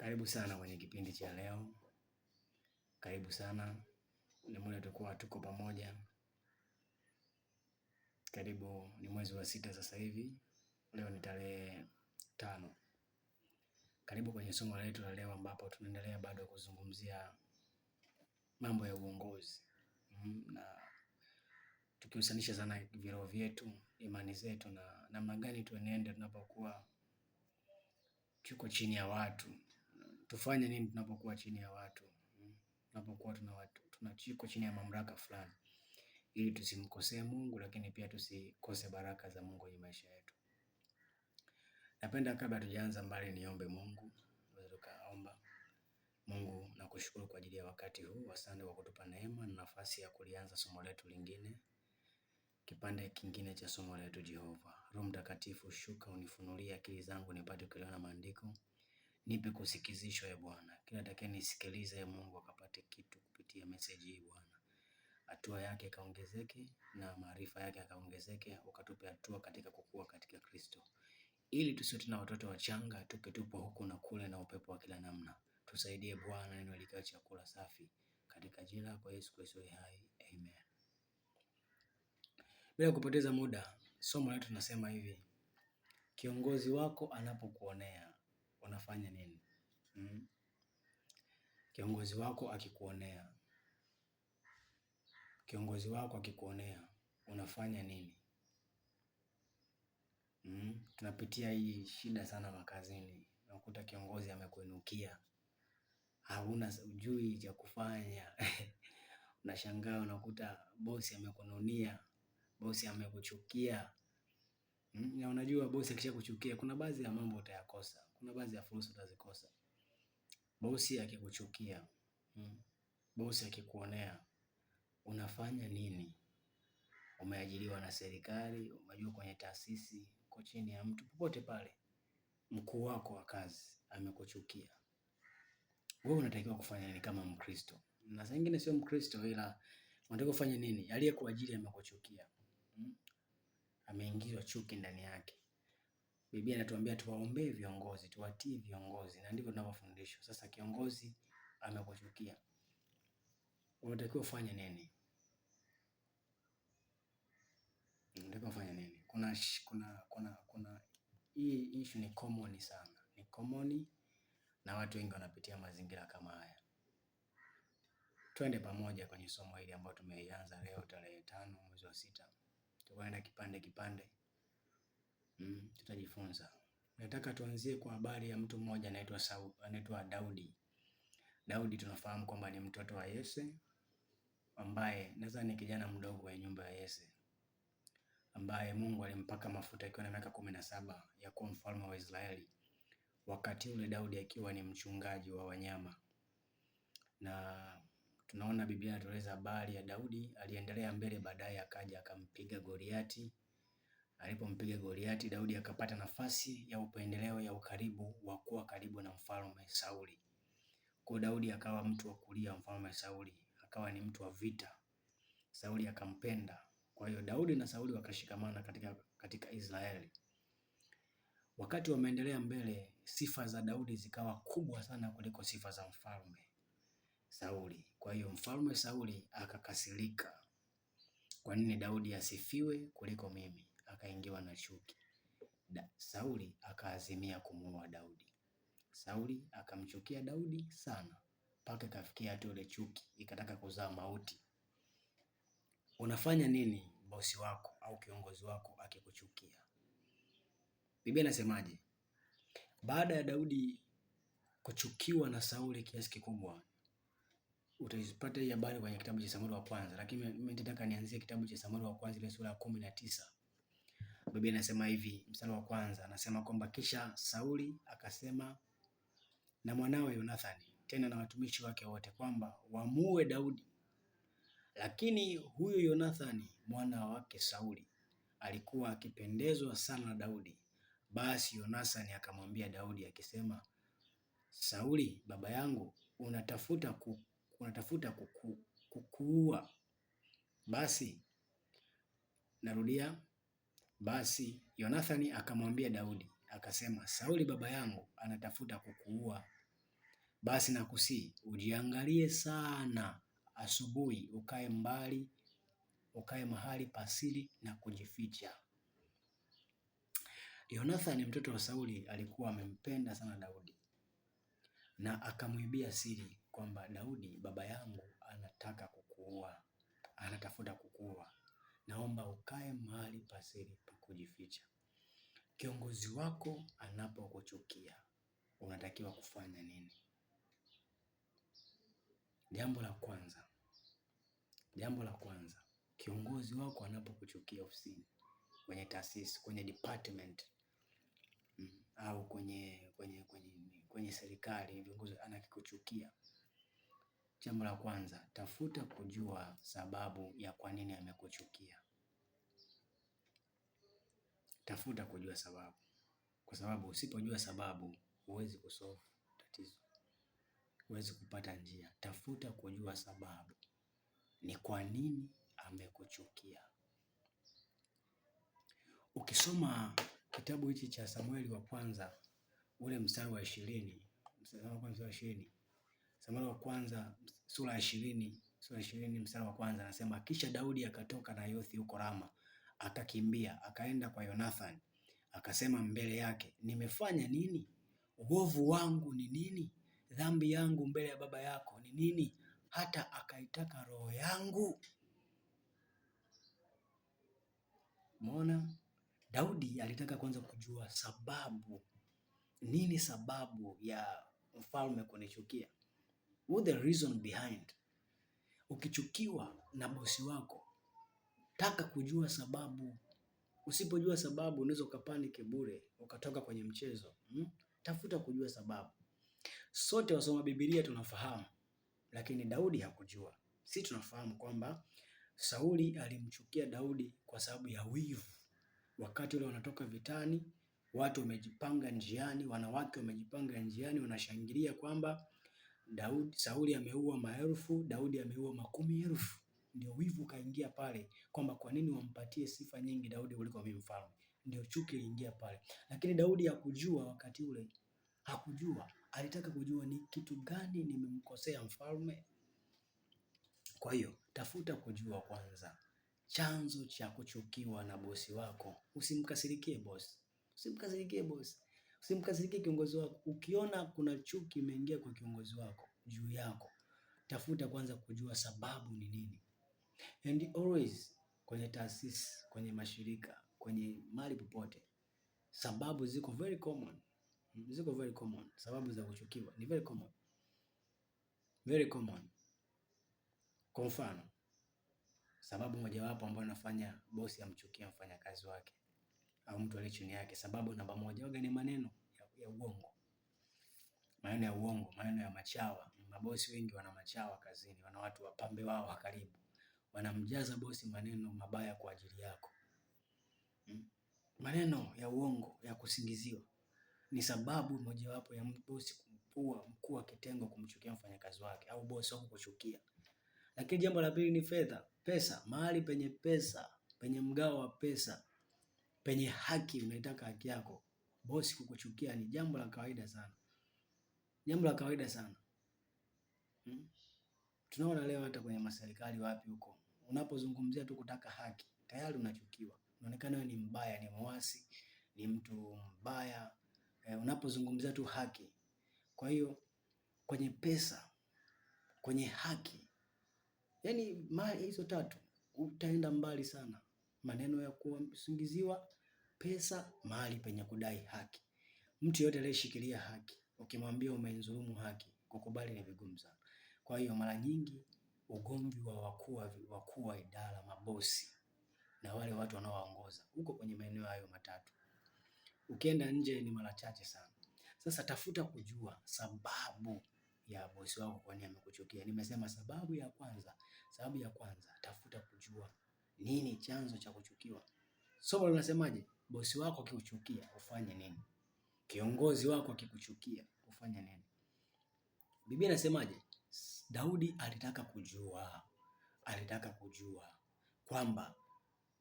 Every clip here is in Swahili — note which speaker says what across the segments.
Speaker 1: Karibu sana kwenye kipindi cha leo, karibu sana. Ni muda tukuwa tuko pamoja, karibu. Ni mwezi wa sita sasa hivi, leo ni tarehe tano. Karibu kwenye somo letu la leo, ambapo tunaendelea bado kuzungumzia mambo ya uongozi mm, na tukihusanisha sana viroho vyetu, imani zetu na namna gani tuenende tunapokuwa tuko chini ya watu tufanye nini tunapokuwa chini ya watu, hmm, tunapokuwa tuna watu tunachiko chini ya mamlaka fulani, ili tusimkosee Mungu, lakini pia tusikose baraka za Mungu kwenye maisha yetu. Napenda kabla tujaanza mbali, niombe Mungu. Unaweza Mungu nakushukuru kwa ajili ya wakati huu, asante kwa kutupa neema na nafasi ya kulianza somo letu lingine, kipande kingine cha somo letu. Jehova Roho Mtakatifu, shuka unifunulie akili zangu nipate kuelewa maandiko Nipe kusikizishwa e Bwana, kila atakaye nisikiliza e Mungu akapate kitu kupitia message hii Bwana, hatua yake akaongezeke na maarifa yake akaongezeke, ukatupe hatua katika kukua katika Kristo, ili tusiwe tuna watoto wachanga tukitupwa huku na kule na upepo wa kila namna. Tusaidie Bwana, neno likawe chakula safi katika jina kwa Yesu Kristo hai, amen. Bila kupoteza muda, somo letu tunasema hivi: kiongozi wako anapokuonea unafanya nini? Mm. Kiongozi wako akikuonea, kiongozi wako akikuonea unafanya nini? Mm. Tunapitia hii shida sana makazini, unakuta kiongozi amekuinukia, hauna ujui cha kufanya unashangaa, unakuta bosi amekununia, bosi amekuchukia, Hmm? na unajua bosi akishakuchukia kuna baadhi ya mambo utayakosa, kuna baadhi ya fursa utazikosa. Bosi akikuchukia, hmm, bosi akikuonea, unafanya nini? Umeajiriwa na serikali, unajua kwenye taasisi, uko chini ya mtu, popote pale mkuu wako wa kazi amekuchukia, wewe unatakiwa kufanya nini kama Mkristo? Na saa nyingine sio Mkristo, ila unatakiwa kufanya nini? Aliyekuajiri amekuchukia, hmm? ameingizwa chuki ndani yake. Biblia inatuambia tuwaombee viongozi, tuwatii viongozi, na ndivyo tunavyofundishwa. Sasa kiongozi amekuchukia, unatakiwa ufanye nini? Unatakiwa ufanye nini? Kuna, kuna, kuna, kuna hii ishu ni common sana, ni common na watu wengi wanapitia mazingira kama haya. Twende pamoja kwenye somo hili ambalo tumeianza leo tarehe tano mwezi wa sita tutakwenda kipande kipande, mm, tutajifunza. Nataka tuanzie kwa habari ya mtu mmoja anaitwa Saul, anaitwa Daudi. Daudi tunafahamu kwamba ni mtoto wa Yese ambaye nadhani kijana mdogo wa nyumba ya Yese ambaye Mungu alimpaka mafuta akiwa na miaka kumi na saba ya kuwa mfalme wa Israeli. Wakati ule Daudi akiwa ni mchungaji wa wanyama, na tunaona Biblia inatueleza habari ya Daudi, aliendelea mbele, baadaye akaja akampiga Goliati. Alipompiga Goliati, Daudi akapata nafasi ya upendeleo ya ukaribu wa kuwa karibu na mfalme Sauli. Kwa Daudi akawa mtu wa kulia mfalme Sauli, akawa ni mtu wa vita. Sauli akampenda. Kwa hiyo Daudi na Sauli wakashikamana katika, katika Israeli. Wakati wameendelea mbele, sifa za Daudi zikawa kubwa sana kuliko sifa za mfalme Sauli. Kwa hiyo mfalme Sauli akakasirika, kwa nini Daudi asifiwe kuliko mimi? Akaingiwa na chuki da. Sauli akaazimia kumuua Daudi. Sauli akamchukia Daudi sana mpaka ikafikia hata ile chuki ikataka kuzaa mauti. Unafanya nini bosi wako au kiongozi wako akikuchukia? Biblia inasemaje? Baada ya Daudi kuchukiwa na Sauli kiasi kikubwa, utaipata hii habari kwenye kitabu cha Samueli wa kwanza, lakini mimi nitataka nianzie kitabu cha Samueli wa kwanza ile sura ya kumi na tisa. Biblia inasema hivi, mstari wa kwanza anasema kwamba kisha Sauli akasema na mwanawe Yonathani tena na watumishi wake wote kwamba wamue Daudi, lakini huyu Yonathani mwana wake Sauli alikuwa akipendezwa sana na Daudi. Basi Yonathani akamwambia Daudi akisema, Sauli baba yangu unatafuta kuku unatafuta kuku, kukuua, basi narudia, basi Yonathani akamwambia Daudi akasema, Sauli baba yangu anatafuta kukuua, basi nakusii ujiangalie sana asubuhi, ukae mbali, ukae mahali pasili na kujificha. Yonathani mtoto wa Sauli alikuwa amempenda sana Daudi na akamwibia siri kwamba Daudi baba yangu anataka kukuua, anatafuta kukuua, naomba ukae mahali pasiri pa kujificha. Kiongozi wako anapokuchukia unatakiwa kufanya nini? Jambo la kwanza, jambo la kwanza, kiongozi wako anapokuchukia ofisini, kwenye taasisi, kwenye department mm, au kwenye, kwenye, kwenye, kwenye serikali, viongozi anakuchukia Jambo la kwanza, tafuta kujua sababu ya kwa nini amekuchukia. Tafuta kujua sababu, kwa sababu usipojua sababu huwezi kusolve tatizo, huwezi kupata njia. Tafuta kujua sababu, ni kwa nini amekuchukia. Ukisoma kitabu hichi cha Samueli wa kwanza ule mstari wa ishirini mstari wa ishirini Samueli wa kwanza sura ya ishirini sura ishirini mstari wa kwanza anasema, kisha Daudi akatoka na Yothi huko Rama, akakimbia akaenda kwa Yonathan akasema mbele yake, nimefanya nini? Uovu wangu ni nini? Dhambi yangu mbele ya baba yako ni nini, hata akaitaka roho yangu? Umeona, Daudi alitaka kwanza kujua sababu, nini sababu ya mfalme kunichukia What the reason behind? Ukichukiwa na bosi wako, taka kujua sababu. Usipojua sababu, unaweza ukapaniki bure, ukatoka kwenye mchezo hmm? Tafuta kujua sababu. Sote wasoma Biblia tunafahamu, lakini Daudi hakujua. Si tunafahamu kwamba Sauli alimchukia Daudi kwa sababu ya wivu. Wakati ule wanatoka vitani, watu wamejipanga njiani, wanawake wamejipanga njiani, wanashangilia kwamba Daudi, Sauli ameua maelfu, Daudi ameua makumi elfu. Ndio wivu kaingia pale kwamba kwa nini wampatie sifa nyingi Daudi kuliko mimi mfalme. Ndio chuki iliingia pale, lakini Daudi hakujua wakati ule, hakujua alitaka kujua ni kitu gani nimemkosea mfalme. Kwa hiyo tafuta kujua kwanza chanzo cha kuchukiwa na bosi wako. Usimkasirikie bosi, usimkasirikie bosi. Usimkasirikie kiongozi wako. Ukiona kuna chuki imeingia kwa kiongozi wako juu yako, tafuta kwanza kujua sababu ni nini. And always kwenye taasisi, kwenye mashirika, kwenye mali popote, sababu ziko very common, ziko very common. Sababu za kuchukiwa ni very common, very common. Kwa mfano, sababu mojawapo ambayo anafanya bosi amchukia mfanyakazi wake au mtu aliye chini yake. Sababu namba moja, waga ni maneno ya, ya uongo, maneno ya uongo, maneno ya machawa. Mabosi wengi wana machawa kazini, wana watu wapambe wao wa karibu, wanamjaza bosi maneno mabaya kwa ajili yako hmm? Maneno ya uongo ya kusingiziwa ni sababu mojawapo ya bosi kumpua mkuu wa kitengo kumchukia mfanyakazi wake au bosi wako kuchukia. Lakini jambo la pili ni fedha, pesa, mahali penye pesa, penye mgao wa pesa penye haki, unaitaka haki yako, bosi kukuchukia ni jambo la kawaida sana, jambo la kawaida sana hmm? Tunaona leo hata kwenye maserikali wapi huko, unapozungumzia tu kutaka haki tayari unachukiwa, unaonekana wewe ni mbaya, ni mwasi, ni mtu mbaya e, unapozungumzia tu haki. Kwa hiyo kwenye pesa, kwenye haki, yani mali hizo tatu utaenda mbali sana maneno ya kusingiziwa pesa, mahali penye kudai haki. Mtu yote aliyeshikilia haki, ukimwambia umeidhulumu haki, kukubali ni vigumu sana. Kwa hiyo mara nyingi ugomvi wa wakuu wakuu wa idara, mabosi na wale watu wanaowaongoza huko kwenye maeneo hayo matatu. Ukienda nje ni mara chache sana. Sasa tafuta kujua sababu ya bosi wako kwa nini amekuchukia. Nimesema sababu ya kwanza, sababu ya kwanza tafuta kujua nini chanzo cha kuchukiwa. Somo linasemaje? Bosi wako akikuchukia ufanye nini? Kiongozi wako akikuchukia ufanye nini? Biblia inasemaje? Daudi alitaka kujua, alitaka kujua kwamba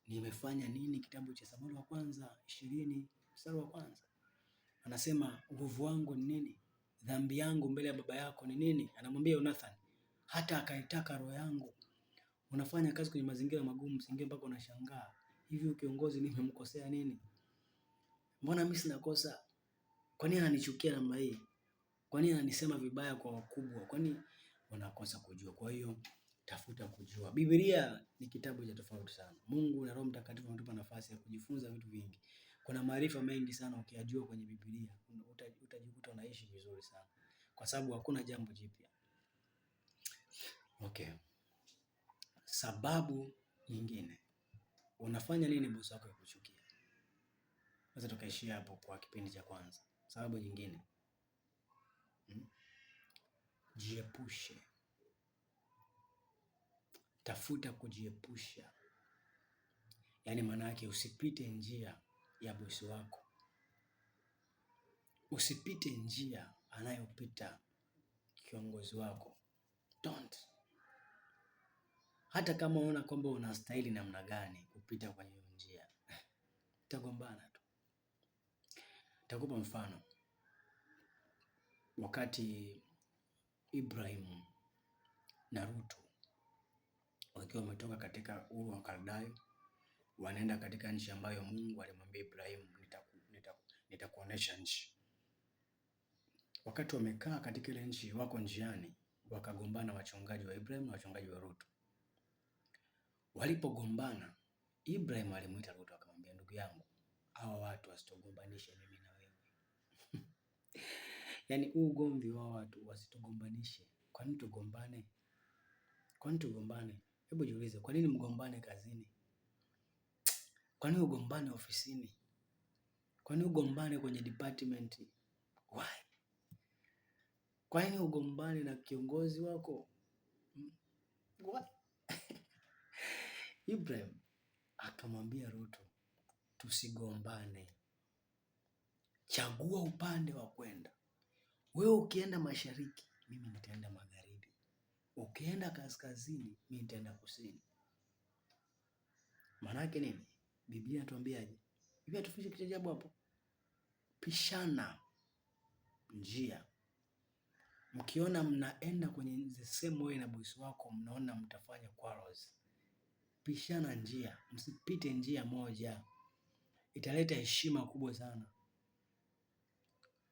Speaker 1: nimefanya nini. Kitabu cha Samweli wa kwanza ishirini mstari wa kwanza anasema nguvu wangu ni nini, dhambi yangu mbele ya baba yako ni nini? Anamwambia Yonathani, hata akaitaka roho yangu unafanya kazi kwenye mazingira magumu, singie mpaka unashangaa hivi, kiongozi nimemkosea nini? Mbona mimi sina kosa? Kwa nini ananichukia namna hii? Kwa nini ananisema vibaya kwa wakubwa? Kwa nini? Unakosa kujua. Kwa hiyo tafuta kujua. Biblia ni kitabu cha tofauti sana. Mungu na Roho Mtakatifu wanatupa nafasi ya kujifunza vitu vingi. Kuna maarifa mengi sana ukiyajua kwenye Biblia utajikuta unaishi vizuri sana, kwa sababu hakuna jambo jipya. Okay sababu nyingine. Unafanya nini bosi wako kuchukia Sasa tukaishia hapo kwa kipindi cha kwanza. Sababu nyingine hmm? Jiepushe, tafuta kujiepusha, yaani maana yake usipite njia ya bosi wako, usipite njia anayopita kiongozi wako. Don't hata kama unaona kwamba unastahili namna gani kupita kwenye hiyo njia, tagombana tu. Takupa mfano, wakati Ibrahimu na Rutu wakiwa wametoka katika uru wa Kaldayo wanaenda katika nchi ambayo Mungu alimwambia Ibrahimu, nitakuonesha nchi. Wakati wamekaa katika ile nchi, wako njiani, wakagombana wachungaji wa ibrahim na wachungaji wa Rutu. Walipogombana, Ibrahim alimwita Lutu akamwambia, ndugu yangu, hawa watu wasitugombanishe mimi na wewe yaani huu ugomvi wa watu wasitugombanishe. Kwa nini tugombane? Kwa nini tugombane? Hebu jiulize, kwa nini mgombane kazini? Kwa nini ugombane ofisini? Kwa nini ugombane kwenye department? Why? Kwa nini ugombane na kiongozi wako? Hmm? Why? Ibrahim akamwambia Ruto, tusigombane, chagua upande wa kwenda. Wewe ukienda mashariki, mimi nitaenda magharibi, ukienda kaskazini, mimi nitaenda kusini. Maanake nini? Biblia inatuambiaje? Biblia tufiche kitu ajabu hapo, pishana njia mkiona mnaenda kwenye sehemu same na bosi wako, mnaona mtafanya quarrels, pishana njia, msipite njia moja, italeta heshima kubwa sana.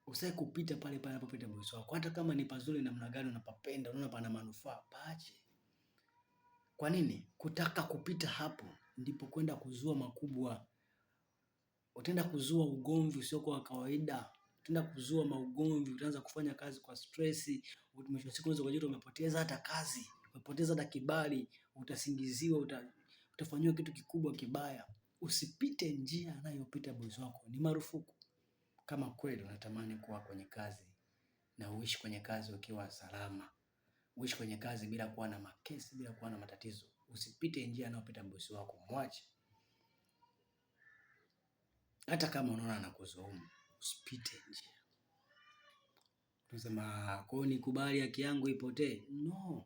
Speaker 1: Usai kupita pale pale anapopita bosi wako, hata kama ni pazuri namna gani, unapapenda unaona pana manufaa, paache. Kwa nini kutaka kupita hapo? Ndipo kwenda kuzua makubwa. Utaenda kuzua ugomvi usiokuwa wa kawaida, utaenda kuzua maugomvi, utaanza kufanya kazi kwa stress. Mwisho wa siku unaweza kujikuta umepoteza hata kazi, umepoteza hata kibali, utasingiziwa uta utafanyiwa kitu kikubwa kibaya. Usipite njia anayopita bosi wako, ni marufuku. Kama kweli unatamani kuwa kwenye kazi na uishi kwenye kazi ukiwa salama, uishi kwenye kazi bila kuwa na makesi, bila kuwa na matatizo, usipite njia anayopita bosi wako, mwache. Hata kama unaona anakuzuumu, usipite njia. Unasema ah, kwao, ni haki yangu ipotee? No,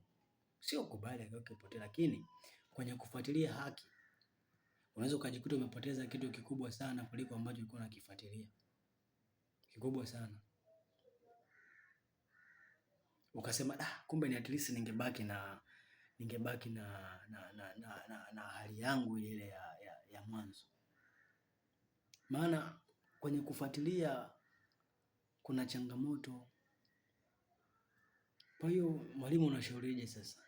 Speaker 1: sio kubali haki yako ipotee, lakini kwenye kufuatilia haki unaweza ukajikuta umepoteza kitu kikubwa sana kuliko ambacho ulikuwa unakifuatilia, kikubwa sana ukasema ah, kumbe ni at least ningebaki na ningebaki na na, na, na, na, na hali yangu ile ya, ya, ya mwanzo. Maana kwenye kufuatilia kuna changamoto. Kwa hiyo mwalimu, unashauriaje sasa?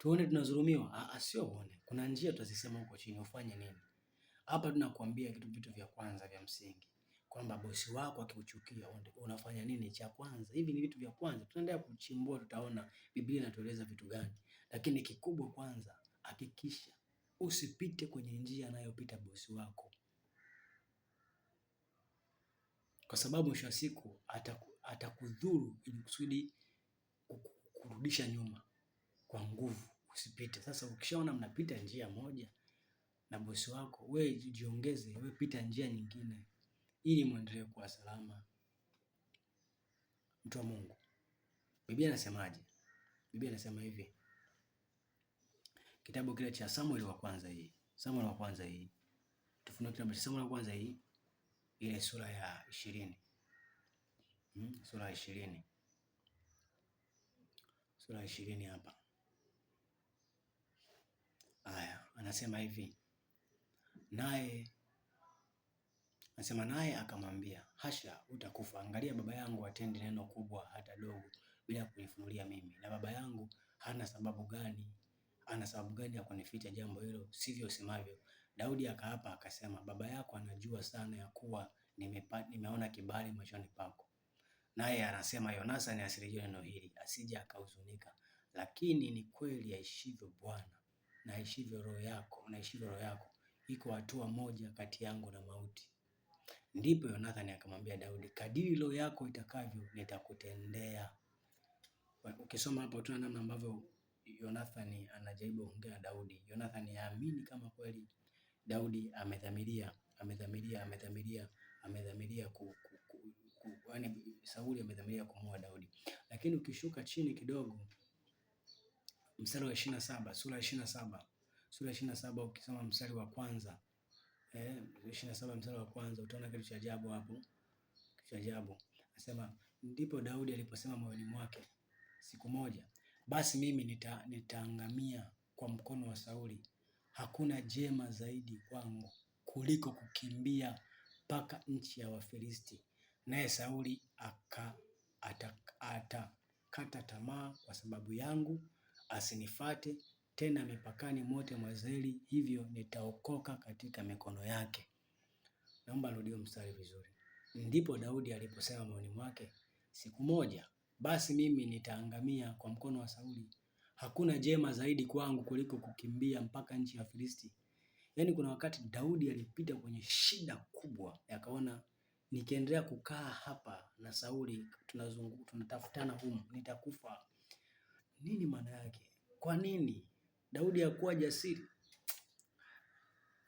Speaker 1: tuone tunazulumiwa? Ah, ah, sio uone, kuna njia tutazisema huko chini, ufanye nini. Hapa tunakuambia kitu, vitu vya kwanza vya msingi kwamba bosi wako akikuchukia unafanya nini cha kwanza. Hivi ni vitu vya kwanza, tunaendelea kuchimbua, tutaona Biblia inatueleza vitu gani, lakini kikubwa kwanza, hakikisha usipite kwenye njia anayopita bosi wako, kwa sababu mwisho wa siku atakudhuru ili kusudi kurudisha nyuma kwa nguvu usipite. Sasa ukishaona mnapita njia moja na bosi wako, we jiongeze, we pita njia nyingine ili mwendelee kuwa salama. Mtu wa Mungu, Biblia inasemaje? Biblia inasema hivi, kitabu kile cha Samueli wa kwanza hii, Samueli wa kwanza hii, tufunue kitabu cha Samueli wa kwanza hii, ile sura ya ishirini hmm? sura ya ishirini sura ya ishirini hapa Haya, anasema hivi naye anasema naye akamwambia, hasha, utakufa. Angalia, baba yangu atendi neno kubwa hata dogo bila kunifunulia mimi, na baba yangu hana sababu gani, ana sababu gani ya kunificha jambo hilo, sivyo usemavyo. Daudi akaapa akasema, baba yako anajua sana ya kuwa nimepa, nimeona kibali machoni pako, naye anasema Yonasa ni asilijua neno hili, asija akahuzunika, lakini ni kweli aishivyo Bwana naishivyo roho yako, naishivyo roho yako, iko hatua moja kati yangu na mauti. Ndipo Yonathan akamwambia Daudi, kadiri roho yako itakavyo nitakutendea. Ukisoma hapo tuna namna ambavyo Yonathan anajaribu kuongea na Daudi. Yonathan yaamini kama kweli Daudi amedhamiria, amedhamiria, amedhamiria, amedhamiria ku, ku, ku, ku, yaani Sauli amedhamiria kumuua Daudi, lakini ukishuka chini kidogo mstari wa ishirini na saba sura ya ishirini na saba sura ya ishirini na saba ukisoma mstari wa kwanza eh, ishirini na saba mstari wa kwanza utaona kitu cha ajabu hapo, kitu cha ajabu. Anasema ndipo Daudi aliposema moyoni mwake, siku moja basi mimi nita, nitaangamia kwa mkono wa Sauli. Hakuna jema zaidi kwangu kuliko kukimbia mpaka nchi ya Wafilisti, naye Sauli aka atakata ata, tamaa kwa sababu yangu asinifate tena mipakani mote mwa hivyo nitaokoka katika mikono yake. Naomba rudio mstari vizuri. Ndipo Daudi aliposema moyoni mwake, siku moja basi mimi nitaangamia kwa mkono wa Sauli. Hakuna jema zaidi kwangu kuliko kukimbia mpaka nchi ya Filisti. Yaani, kuna wakati Daudi alipita kwenye shida kubwa, akaona nikiendelea kukaa hapa na Sauli tunazungu tunatafutana humu nitakufa. Nini maana yake? Kwa nini Daudi hakuwa jasiri?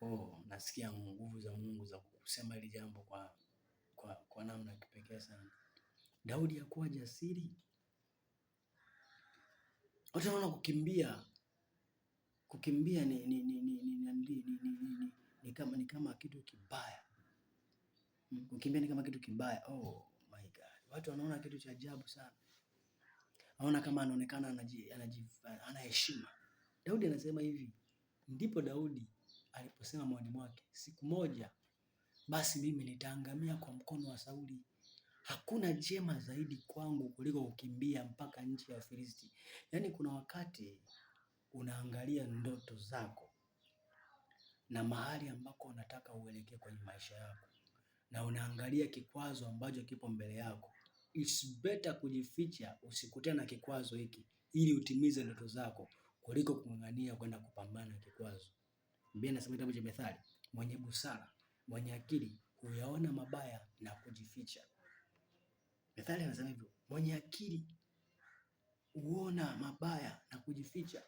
Speaker 1: Oh, nasikia nguvu za Mungu za kusema hili jambo kwa, kwa, kwa namna kipekee sana. Daudi hakuwa jasiri. Watu wanaona kukimbia kukimbia ni, ni, ni, ni, ni, ni, ni, ni, ni, ni kama ni kama kitu kibaya. Kukimbia ni kama kitu kibaya. Oh my God, watu wanaona kitu cha ajabu sana aona kama anaonekana ana heshima anaheshima. Daudi anasema hivi, ndipo Daudi aliposema moyoni mwake, siku moja basi mimi nitaangamia kwa mkono wa Sauli. Hakuna jema zaidi kwangu kuliko kukimbia mpaka nchi ya Filisti. Yaani kuna wakati unaangalia ndoto zako na mahali ambako unataka uelekee kwenye maisha yako, na unaangalia kikwazo ambacho kipo mbele yako, it's better kujificha usikutane na kikwazo hiki ili utimize ndoto zako kuliko kung'ang'ania kwenda kupambana na kikwazo. Biblia inasema kitabu cha Methali, mwenye busara, mwenye akili huyaona mabaya na kujificha. Methali anasema hivyo, mwenye akili huona mabaya na kujificha.